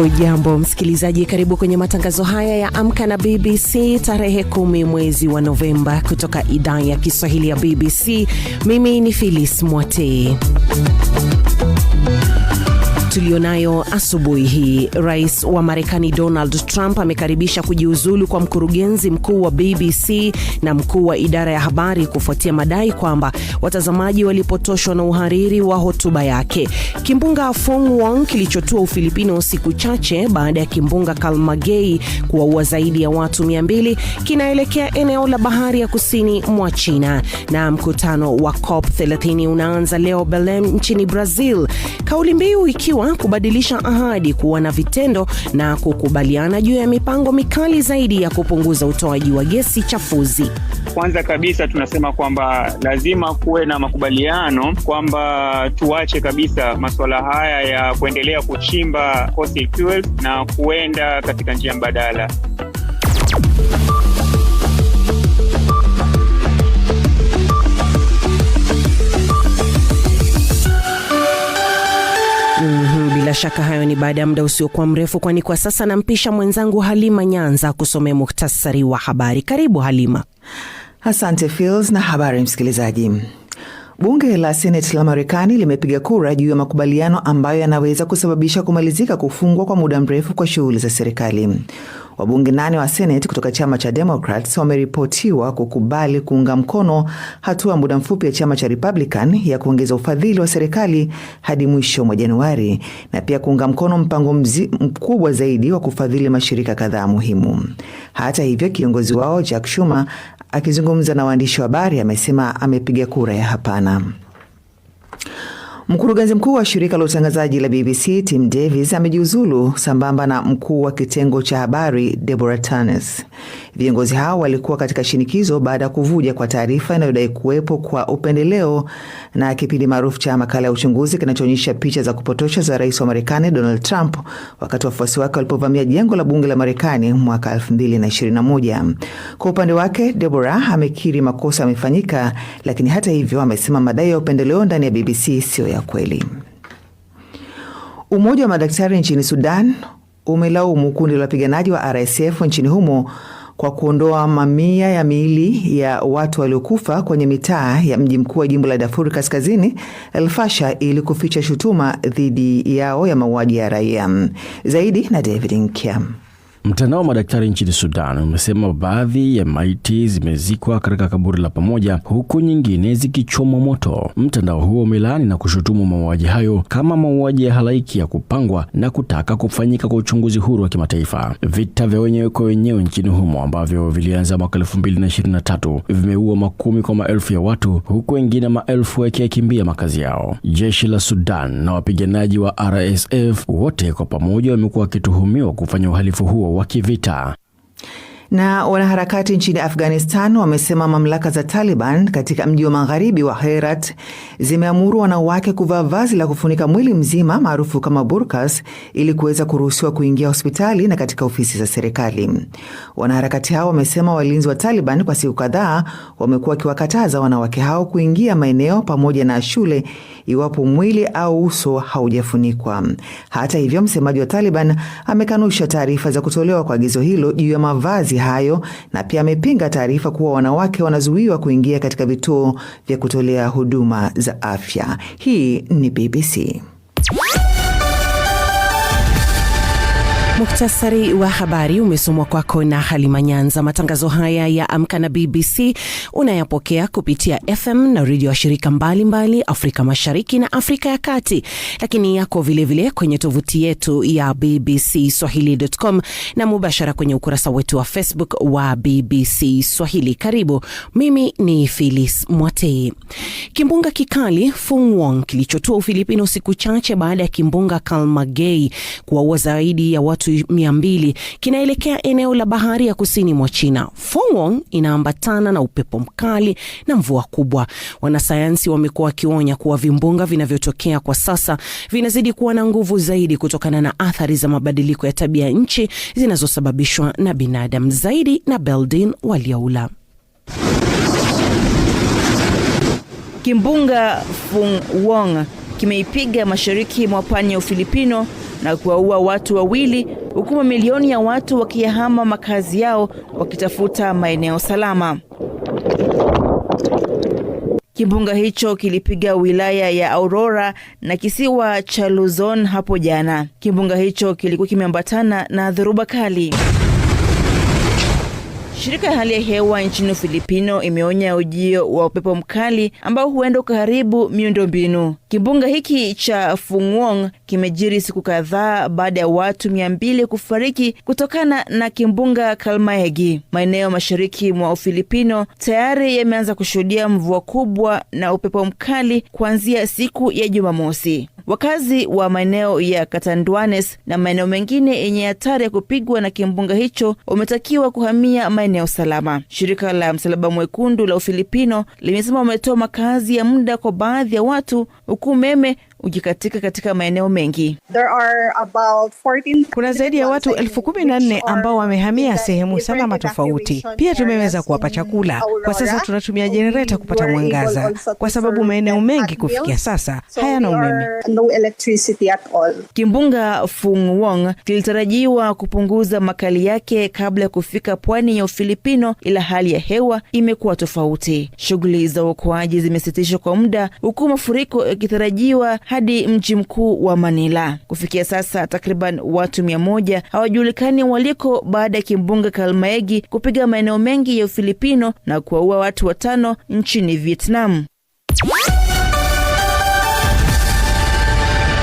Hujambo msikilizaji, karibu kwenye matangazo haya ya Amka na BBC tarehe kumi mwezi wa Novemba kutoka idhaa ya Kiswahili ya BBC. Mimi ni filis Mwatei tuliyonayo asubuhi hii. Rais wa Marekani Donald Trump amekaribisha kujiuzulu kwa mkurugenzi mkuu wa BBC na mkuu wa idara ya habari kufuatia madai kwamba watazamaji walipotoshwa na uhariri wa hotuba yake. Kimbunga Fong Wong kilichotua Ufilipino siku chache baada ya kimbunga Kalmagei kuwaua zaidi ya watu 200 kinaelekea eneo la bahari ya kusini mwa China. Na mkutano wa COP 30 unaanza leo Belem nchini Brazil, kauli mbiu ikiwa ikiwa kubadilisha ahadi kuwa na vitendo na kukubaliana juu ya mipango mikali zaidi ya kupunguza utoaji wa gesi chafuzi. Kwanza kabisa tunasema kwamba lazima kuwe na makubaliano kwamba tuache kabisa masuala haya ya kuendelea kuchimba fossil fuels na kuenda katika njia mbadala. Bila shaka hayo ni baada ya muda usiokuwa mrefu, kwani kwa sasa nampisha mwenzangu Halima Nyanza kusomea muhtasari wa habari. Karibu Halima. Asante Fils na habari msikilizaji. Bunge la Seneti la Marekani limepiga kura juu ya makubaliano ambayo yanaweza kusababisha kumalizika kufungwa kwa muda mrefu kwa shughuli za serikali. Wabunge nane wa Senate kutoka chama cha Democrats wameripotiwa kukubali kuunga mkono hatua muda mfupi ya chama cha Republican ya kuongeza ufadhili wa serikali hadi mwisho mwa Januari na pia kuunga mkono mpango mzi, mkubwa zaidi wa kufadhili mashirika kadhaa muhimu. Hata hivyo, kiongozi wao Jack Schumer akizungumza na waandishi wa habari amesema amepiga kura ya hapana. Mkurugenzi mkuu wa shirika la utangazaji la BBC Tim Davis amejiuzulu sambamba na mkuu wa kitengo cha habari Deborah Tanes. Viongozi hao walikuwa katika shinikizo baada ya kuvuja kwa taarifa inayodai kuwepo kwa upendeleo na kipindi maarufu cha makala ya uchunguzi kinachoonyesha picha za kupotosha za rais wa Marekani Donald Trump wakati wafuasi wake walipovamia jengo la bunge la Marekani mwaka 2021. Kwa upande wake, Deborah amekiri makosa yamefanyika, lakini hata hivyo amesema madai ya upendeleo ndani ya BBC siyo ya kweli. Umoja wa madaktari nchini Sudan umelaumu kundi la wapiganaji wa RSF nchini humo kwa kuondoa mamia ya miili ya watu waliokufa kwenye mitaa ya mji mkuu wa jimbo la Darfur Kaskazini, elfasha ili kuficha shutuma dhidi yao ya mauaji ya raia. Zaidi na David Nkiam. Mtandao wa madaktari nchini Sudan umesema baadhi ya maiti zimezikwa katika kaburi la pamoja huku nyingine zikichomwa moto. Mtandao huo umelaani na kushutumu mauaji hayo kama mauaji ya halaiki ya kupangwa na kutaka kufanyika kwa uchunguzi huru wa kimataifa. Vita vya wenyewe kwa wenyewe nchini humo ambavyo vilianza mwaka 2023 vimeua makumi kwa maelfu ya watu huku wengine maelfu yakiyakimbia makazi yao. Jeshi la Sudan na wapiganaji wa RSF wote kwa pamoja wamekuwa wakituhumiwa kufanya uhalifu huo wa kivita. Na wanaharakati nchini Afghanistan wamesema mamlaka za Taliban katika mji wa magharibi wa Herat zimeamuru wanawake kuvaa vazi la kufunika mwili mzima maarufu kama burkas ili kuweza kuruhusiwa kuingia hospitali na katika ofisi za serikali. Wanaharakati hao wamesema walinzi wa Taliban kwa siku kadhaa wamekuwa wakiwakataza wanawake hao kuingia maeneo pamoja na shule iwapo mwili au uso haujafunikwa. Hata hivyo, msemaji wa Taliban amekanusha taarifa za kutolewa kwa agizo hilo juu ya mavazi hayo na pia amepinga taarifa kuwa wanawake wanazuiwa kuingia katika vituo vya kutolea huduma za afya. Hii ni BBC. Muhtasari wa habari umesomwa kwako na Halima Nyanza. Matangazo haya ya Amka na BBC unayapokea kupitia FM na redio wa shirika mbalimbali Afrika Mashariki na Afrika ya Kati, lakini yako vilevile kwenye tovuti yetu ya BBC Swahili.com na mubashara kwenye ukurasa wetu wa Facebook wa BBC Swahili. Karibu, mimi ni Filis Mwatei. Kimbunga kikali fungwong kilichotua Ufilipino siku chache baada ya kimbunga Kalmagei kuwaua zaidi ya watu mia mbili kinaelekea eneo la bahari ya kusini mwa China. Fengwang inaambatana na upepo mkali na mvua kubwa. Wanasayansi wamekuwa wakionya kuwa vimbunga vinavyotokea kwa sasa vinazidi kuwa na nguvu zaidi kutokana na athari za mabadiliko ya tabia nchi zinazosababishwa na binadamu. Zaidi na Beldin Waliaula. Kimbunga wong kimeipiga mashariki mwa pwani Ufilipino na kuwaua watu wawili huku mamilioni ya watu wakiyahama makazi yao wakitafuta maeneo salama. Kimbunga hicho kilipiga wilaya ya Aurora na kisiwa cha Luzon hapo jana. Kimbunga hicho kilikuwa kimeambatana na dhoruba kali. Shirika ya hali ya hewa nchini Filipino imeonya ujio wa upepo mkali ambao huenda ukaharibu miundombinu. Kimbunga hiki cha Funguong kimejiri siku kadhaa baada ya watu mia mbili kufariki kutokana na kimbunga Kalmaegi. Maeneo mashariki mwa Ufilipino tayari yameanza kushuhudia mvua kubwa na upepo mkali kuanzia siku ya Jumamosi. Wakazi wa maeneo ya Katandwanes na maeneo mengine yenye hatari ya kupigwa na kimbunga hicho wametakiwa kuhamia maeneo salama. Shirika la Msalaba Mwekundu la Ufilipino limesema wametoa makazi ya muda kwa baadhi ya watu, huku umeme ujikatika katika maeneo mengi. There are about 14... kuna zaidi ya watu elfu kumi na nne ambao wamehamia sehemu salama tofauti. Pia tumeweza kuwapa chakula. Kwa sasa tunatumia jenereta kupata mwangaza, kwa sababu maeneo mengi kufikia sasa hayana umeme. Kimbunga fung Wong kilitarajiwa kupunguza makali yake kabla ya kufika pwani ya Ufilipino, ila hali ya hewa imekuwa tofauti. Shughuli za uokoaji zimesitishwa kwa muda, huku mafuriko yakitarajiwa hadi mji mkuu wa Manila. Kufikia sasa takriban watu mia moja hawajulikani waliko baada ya kimbunga Kalmaegi kupiga maeneo mengi ya Ufilipino na kuwaua watu watano nchini Vietnam.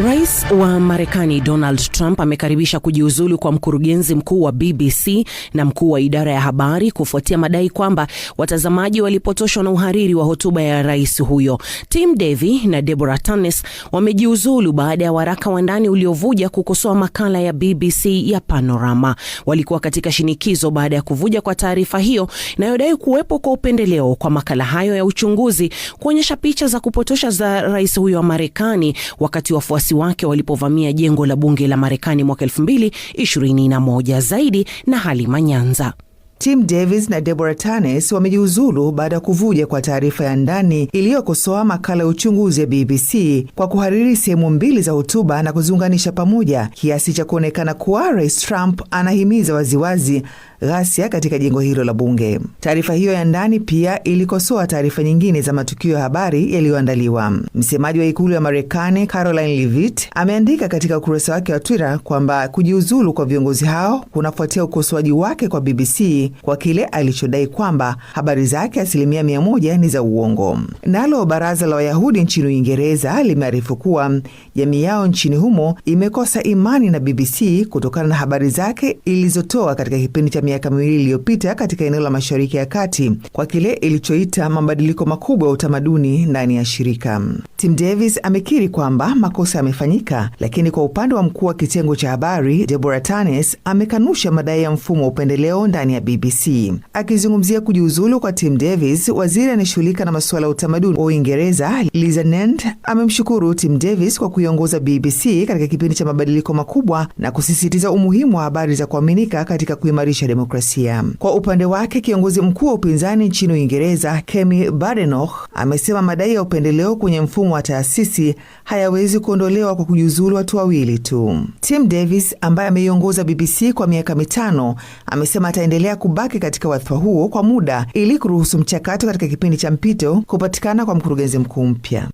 Rais wa Marekani Donald Trump amekaribisha kujiuzulu kwa mkurugenzi mkuu wa BBC na mkuu wa idara ya habari kufuatia madai kwamba watazamaji walipotoshwa na uhariri wa hotuba ya rais huyo. Tim Davy na Deborah Tanis wamejiuzulu baada ya waraka wa ndani uliovuja kukosoa makala ya BBC ya Panorama. Walikuwa katika shinikizo baada ya kuvuja kwa taarifa hiyo inayodai kuwepo kwa upendeleo kwa makala hayo ya uchunguzi kuonyesha picha za kupotosha za rais huyo wa Marekani wakati wa wafuasi wake walipovamia jengo la bunge la Marekani mwaka 2021. Zaidi na Halima Nyanza. Tim Davis na Deborah tanes wamejiuzulu baada ya kuvuja kwa taarifa ya ndani iliyokosoa makala ya uchunguzi ya BBC kwa kuhariri sehemu mbili za hotuba na kuziunganisha pamoja kiasi cha kuonekana kuwa Rais Trump anahimiza waziwazi ghasia katika jengo hilo la bunge. Taarifa hiyo ya ndani pia ilikosoa taarifa nyingine za matukio ya habari yaliyoandaliwa. Msemaji wa ikulu ya Marekani Caroline Levitt ameandika katika ukurasa wake wa Twitter kwamba kujiuzulu kwa viongozi hao kunafuatia ukosoaji wake kwa BBC kwa kile alichodai kwamba habari zake asilimia mia moja ni za uongo. Nalo baraza la Wayahudi nchini Uingereza limearifu kuwa jamii yao nchini humo imekosa imani na BBC kutokana na habari zake ilizotoa katika kipindi cha miaka miwili iliyopita katika eneo la Mashariki ya Kati kwa kile ilichoita mabadiliko makubwa ya utamaduni ndani ya shirika. Tim Davis amekiri kwamba makosa yamefanyika, lakini kwa upande wa mkuu wa kitengo cha habari Deborah Tanes amekanusha madai ya mfumo wa upendeleo ndani ya BBC. BBC. Akizungumzia kujiuzulu kwa Tim Davis, waziri anayeshughulika na masuala ya utamaduni wa Uingereza Liza Nand amemshukuru Tim Davis kwa kuiongoza BBC katika kipindi cha mabadiliko makubwa na kusisitiza umuhimu wa habari za kuaminika katika kuimarisha demokrasia. Kwa upande wake, kiongozi mkuu wa upinzani nchini Uingereza Kemi Badenoch amesema madai ya upendeleo kwenye mfumo wa taasisi hayawezi kuondolewa kwa kujiuzulu watu wawili tu. Tim Davis ambaye ameiongoza BBC kwa miaka mitano amesema ataendelea kubaki katika wadhifa huo kwa muda ili kuruhusu mchakato katika kipindi cha mpito kupatikana kwa mkurugenzi mkuu mpya.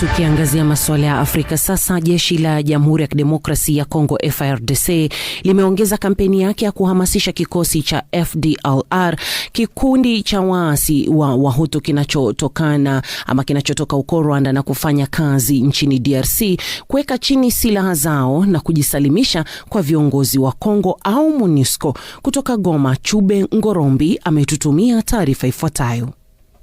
Tukiangazia masuala ya Afrika sasa, jeshi la Jamhuri ya Kidemokrasi ya Kongo FARDC limeongeza kampeni yake ya kuhamasisha kikosi cha FDLR, kikundi cha waasi wa Wahutu kinachotokana ama kinachotoka huko Rwanda na kufanya kazi nchini DRC kuweka chini silaha zao na kujisalimisha kwa viongozi wa Kongo au MONUSCO. Kutoka Goma, Chube Ngorombi ametutumia taarifa ifuatayo.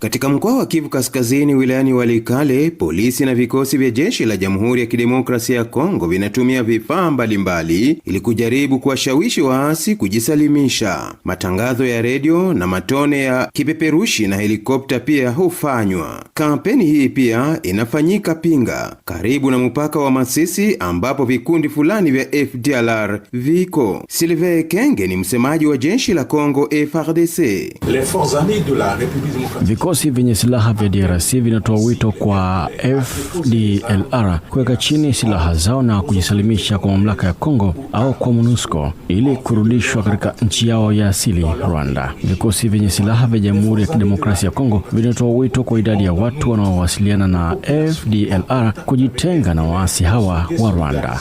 Katika mkoa wa Kivu Kaskazini wilayani Walikale, polisi na vikosi vya jeshi la Jamhuri ya Kidemokrasia ya Kongo vinatumia vifaa mbalimbali ili kujaribu kuwashawishi waasi kujisalimisha. Matangazo ya redio na matone ya kipeperushi na helikopta pia hufanywa. Kampeni hii pia inafanyika Pinga, karibu na mpaka wa Masisi, ambapo vikundi fulani vya FDLR viko. Sylvain Kenge ni msemaji wa jeshi la Kongo République Vikosi vyenye silaha vya DRC vinatoa wito kwa FDLR kuweka chini silaha zao na kujisalimisha kwa mamlaka ya Kongo au kwa MONUSCO ili kurudishwa katika nchi yao ya asili Rwanda. Vikosi vyenye silaha vya Jamhuri ya Kidemokrasia ya Kongo vinatoa wito kwa idadi ya watu wanaowasiliana na FDLR kujitenga na waasi hawa wa Rwanda.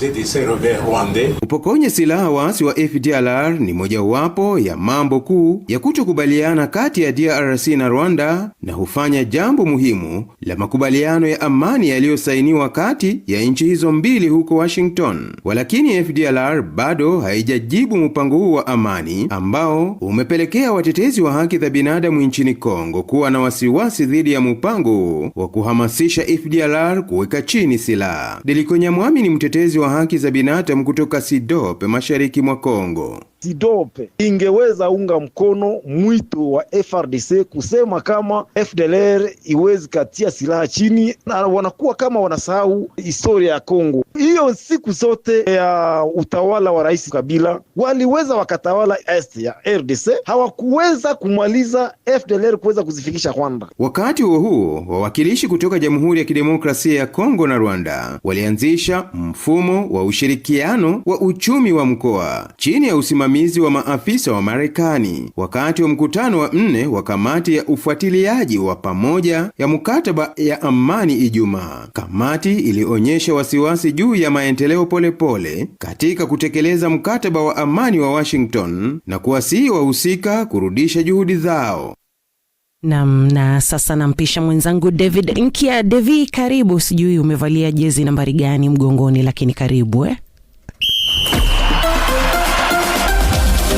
Upokonye silaha waasi wa FDLR ni mojawapo ya mambo kuu ya kutokubaliana kati ya DRC na Rwanda na hufanya jambo muhimu la makubaliano ya amani yaliyosainiwa kati ya nchi hizo mbili huko Washington. Walakini FDLR bado haijajibu mpango huu wa amani ambao umepelekea watetezi wa haki za binadamu nchini Kongo kuwa na wasiwasi dhidi ya mpango wa kuhamasisha FDLR kuweka chini silaha. Deliko Nyamwami ni mtetezi wa haki za binadamu kutoka Sidope, mashariki mwa Kongo. SIDOP ingeweza unga mkono mwito wa FRDC kusema kama FDLR iwezi katia silaha chini, na wanakuwa kama wanasahau historia ya Kongo. Hiyo siku zote ya utawala wa Rais Kabila waliweza wakatawala est ya RDC, hawakuweza kumaliza FDLR kuweza kuzifikisha Rwanda. Wakati huo huo, wawakilishi kutoka Jamhuri ya Kidemokrasia ya Kongo na Rwanda walianzisha mfumo wa ushirikiano wa uchumi wa mkoa chini ya usimamizi usimamizi wa maafisa wa Marekani wakati wa mkutano wa nne wa kamati ya ufuatiliaji wa pamoja ya mkataba ya amani Ijumaa. Kamati ilionyesha wasiwasi juu ya maendeleo polepole katika kutekeleza mkataba wa amani wa Washington na kuwasihi wahusika kurudisha juhudi zao. Nam, na sasa nampisha mwenzangu David Nkia. Devi, karibu. Sijui umevalia jezi nambari gani mgongoni, lakini karibu eh.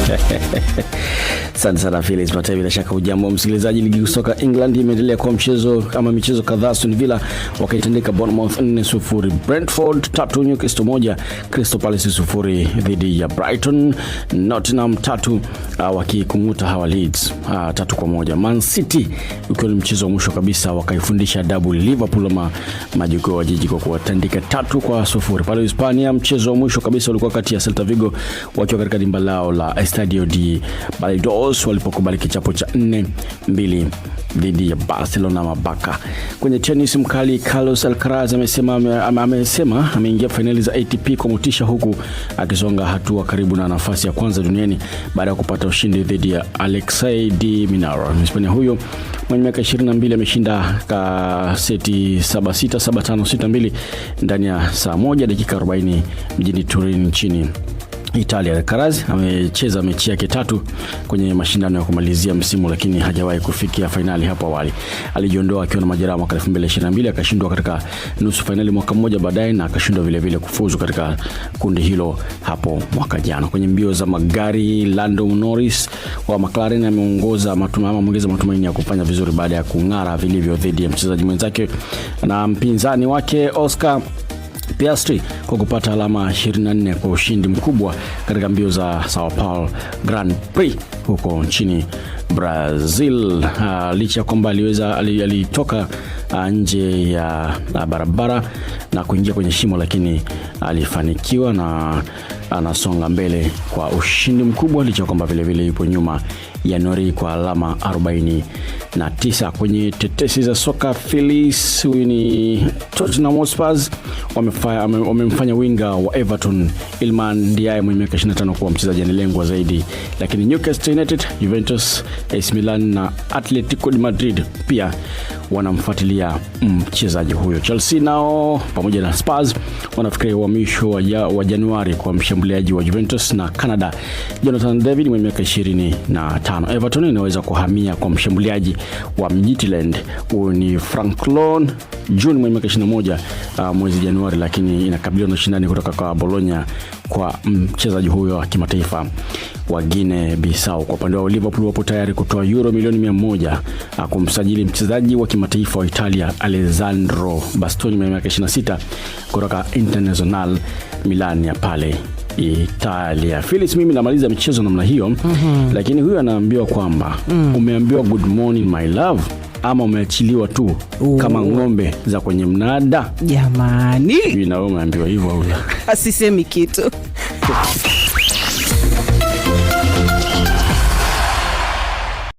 Asante sana Felix Matei, bila shaka ujambo msikilizaji. Ligi kusoka England imeendelea kwa mchezo ama michezo kadhaa. Aston Villa wakaitandika Bournemouth 4 sufuri, Brentford 3 Newcastle 1, Crystal Palace sufuri dhidi ya Brighton, Nottingham 3 uh, wakikunguta hawa Leeds uh, 3 kwa moja. Man City ukiwa ni mchezo wa mwisho kabisa wakaifundisha dabu Liverpool ma majogoo wa jiji kwa kuwatandika tatu kwa sufuri. Pale Hispania mchezo wa mwisho kabisa ulikuwa kati ya Celta Vigo wakiwa katika dimba lao la Estadio di Balados walipokubali kichapo cha 4 2 dhidi ya Barcelona mabaka. Kwenye tenis, mkali Carlos Alcaraz amesema amesema ameingia fainali za ATP kwa motisha, huku akisonga hatua karibu na nafasi ya kwanza duniani baada ya kupata ushindi dhidi ya Alexei de Minaur. Mhispania huyo mwenye miaka 22 ameshinda ka seti 7-6, 7-5, 6-2 ndani ya saa moja dakika 40 mjini Turin nchini Italia. Karazi amecheza mechi yake tatu kwenye mashindano ya kumalizia msimu, lakini hajawahi kufikia fainali. Hapo awali alijiondoa akiwa na majeraha mwaka 2022 akashindwa katika nusu fainali mwaka mmoja baadaye, na akashindwa vile vile kufuzu katika kundi hilo hapo mwaka jana. Kwenye mbio za magari, Lando Norris wa McLaren ameongoza matumaini, ameongeza matumaini ya kufanya vizuri baada ya kung'ara vilivyo dhidi ya mchezaji mwenzake na mpinzani wake Oscar Piastri kwa kupata alama 24 kwa ushindi mkubwa katika mbio za Sao Paulo Grand Prix huko nchini Brazil. Uh, licha ya kwamba aliweza alitoka uh, nje ya uh, barabara na kuingia kwenye shimo, lakini alifanikiwa na anasonga mbele kwa ushindi mkubwa, licha ya kwamba vilevile yupo nyuma ya Nori kwa alama 40 na tisa. Kwenye tetesi za soka Phillies, huyu ni Tottenham Hotspur wamemfanya winga wa Everton Ilman Diaye mwenye miaka 25 kuwa mchezaji analengwa zaidi, lakini Newcastle United, Juventus, AC Milan na Atletico de Madrid pia wanamfuatilia mchezaji huyo. Chelsea nao pamoja na Spurs wanafikiria uhamisho wa, ja, wa Januari kwa mshambuliaji wa Juventus na Canada Jonathan David mwenye miaka 25. Everton inaweza kuhamia kwa mshambuliaji wa Midtjylland. Huyu ni Franklon Juni mwenye miaka 21 uh, ah, mwezi Januari, lakini inakabiliwa na ushindani kutoka kwa Bologna kwa mchezaji huyo wa kimataifa wa guine Bissau. Kwa upande wa Liverpool wapo tayari kutoa euro milioni mia moja ah, kumsajili mchezaji wa kimataifa wa Italia Alessandro Bastoni mwenye miaka 26 kutoka Internazionale Milan ya pale Italia. Felix, mimi namaliza michezo namna hiyo mm -hmm. Lakini huyu anaambiwa kwamba mm. umeambiwa good morning my love ama umeachiliwa tu Ooh. kama ng'ombe za kwenye mnada jamani, nawe umeambiwa hivyo? Asisemi kitu